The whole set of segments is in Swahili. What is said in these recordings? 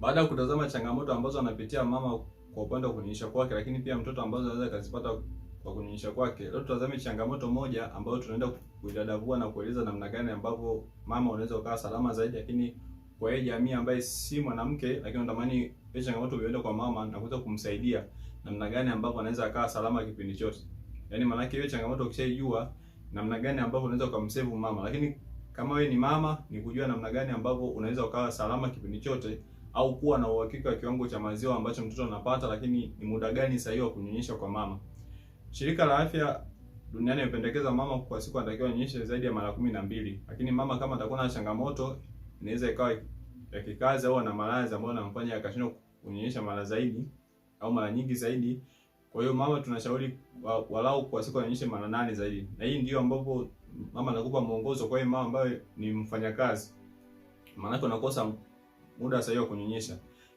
Baada ya kutazama changamoto ambazo anapitia mama kwa upande wa kunyonyesha kwake, lakini pia mtoto ambazo anaweza akazipata kwa kunyonyesha kwake, leo tutazame changamoto moja ambayo tunaenda kuidadavua na kueleza namna gani ambapo mama unaweza ukawa salama zaidi, lakini kwa yeye jamii ambaye si mwanamke lakini unatamani hiyo changamoto iende kwa mama na kuweza kumsaidia namna gani ambapo anaweza akaa salama kipindi chote. Yaani maana yake hiyo changamoto ukishaijua namna gani ambapo unaweza ukamsave mama, lakini kama wewe ni mama ni kujua namna gani ambapo unaweza ukawa salama kipindi chote au kuwa na uhakika wa kiwango cha maziwa ambacho mtoto anapata, lakini ni muda gani sahihi wa kunyonyesha kwa mama. Shirika la Afya Duniani imependekeza mama kwa siku anatakiwa anyonyeshe zaidi ya mara kumi na mbili, lakini mama kama atakuwa na changamoto inaweza ikawa ya kikazi au na maradhi ambayo anamfanya akashindwa kunyonyesha mara zaidi au mara nyingi zaidi. Kwa hiyo mama tunashauri walau kwa siku anyonyeshe mara nane zaidi, na hii ndio ambapo mama anakupa mwongozo. Kwa hiyo mama ambaye ni mfanyakazi, maanake unakosa muda sahihi wa kunyonyesha.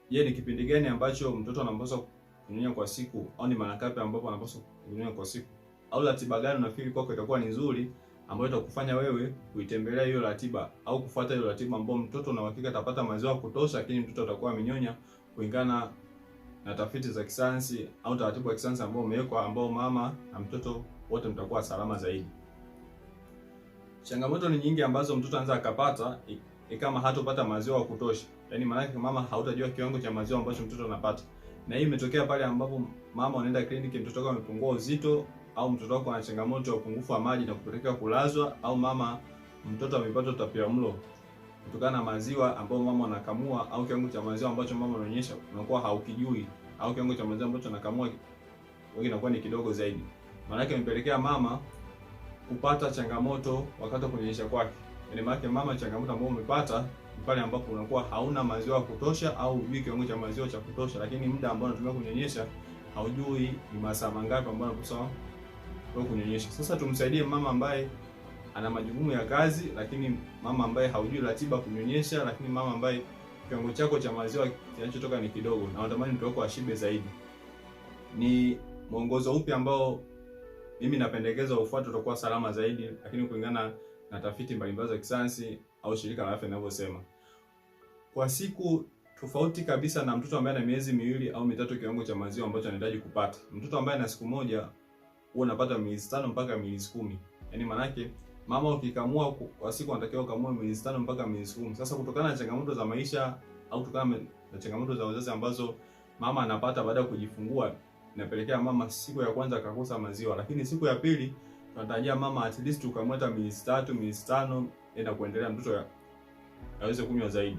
Je, ni kipindi gani ambacho mtoto anapaswa kunyonya kwa siku au ni mara ngapi ambapo anapaswa kunyonya kwa siku? Au ratiba gani unafikiri kwako itakuwa ni nzuri ambayo itakufanya wewe kuitembelea hiyo ratiba au kufuata hiyo ratiba ambapo mtoto na uhakika atapata maziwa ya kutosha, lakini mtoto atakuwa amenyonya kulingana na tafiti za kisayansi au taratibu za kisayansi ambao umewekwa, ambao mama na mtoto wote mtakuwa salama zaidi. Changamoto ni nyingi ambazo mtoto anaweza akapata ni kama hatopata maziwa ya kutosha. Yaani maana mama hautajua kiwango cha maziwa ambacho mtoto anapata. Na hii imetokea pale ambapo mama anaenda kliniki, mtoto wake amepungua uzito au mtoto wako ana changamoto ya upungufu wa maji na kupelekea kulazwa au mama mtoto amepata utapiamlo kutokana na maziwa ambayo mama anakamua au kiwango cha maziwa ambacho mama anaonyesha unakuwa haukijui au kiwango cha maziwa ambacho anakamua wengi inakuwa ni kidogo zaidi. Maana yake imepelekea mama kupata changamoto wakati wa kunyonyesha kwake. Yaani maana mama, changamoto ambayo umepata pale ambapo unakuwa hauna maziwa ya kutosha au hujui kiwango cha maziwa cha kutosha, lakini muda ambao unatumia kunyonyesha haujui ni masaa mangapi ambayo unapaswa kunyonyesha. Sasa tumsaidie mama ambaye ana majukumu ya kazi, lakini mama ambaye haujui ratiba kunyonyesha, lakini mama ambaye kiwango chako cha maziwa kinachotoka ni kidogo na unatamani mtoto wako ashibe zaidi. Ni mwongozo upi ambao mimi napendekeza ufuate, utakuwa salama zaidi, lakini kulingana na tafiti mbalimbali za kisayansi au shirika la afya linavyosema, kwa siku tofauti kabisa na mtoto ambaye ana miezi miwili au mitatu, kiwango cha maziwa ambacho anahitaji kupata. Mtoto ambaye ana siku moja huwa anapata mililita tano mpaka mililita kumi. Yaani maanake mama ukikamua kwa siku anatakiwa kamua mililita tano mpaka mililita kumi. Sasa kutokana na changamoto za maisha au kutokana na changamoto za uzazi ambazo mama anapata baada ya kujifungua, inapelekea mama siku ya kwanza akakosa maziwa, lakini siku ya pili tunatarajia mama at least ukamwata mililita tatu mililita tano enda kuendelea, mtoto aweze kunywa zaidi.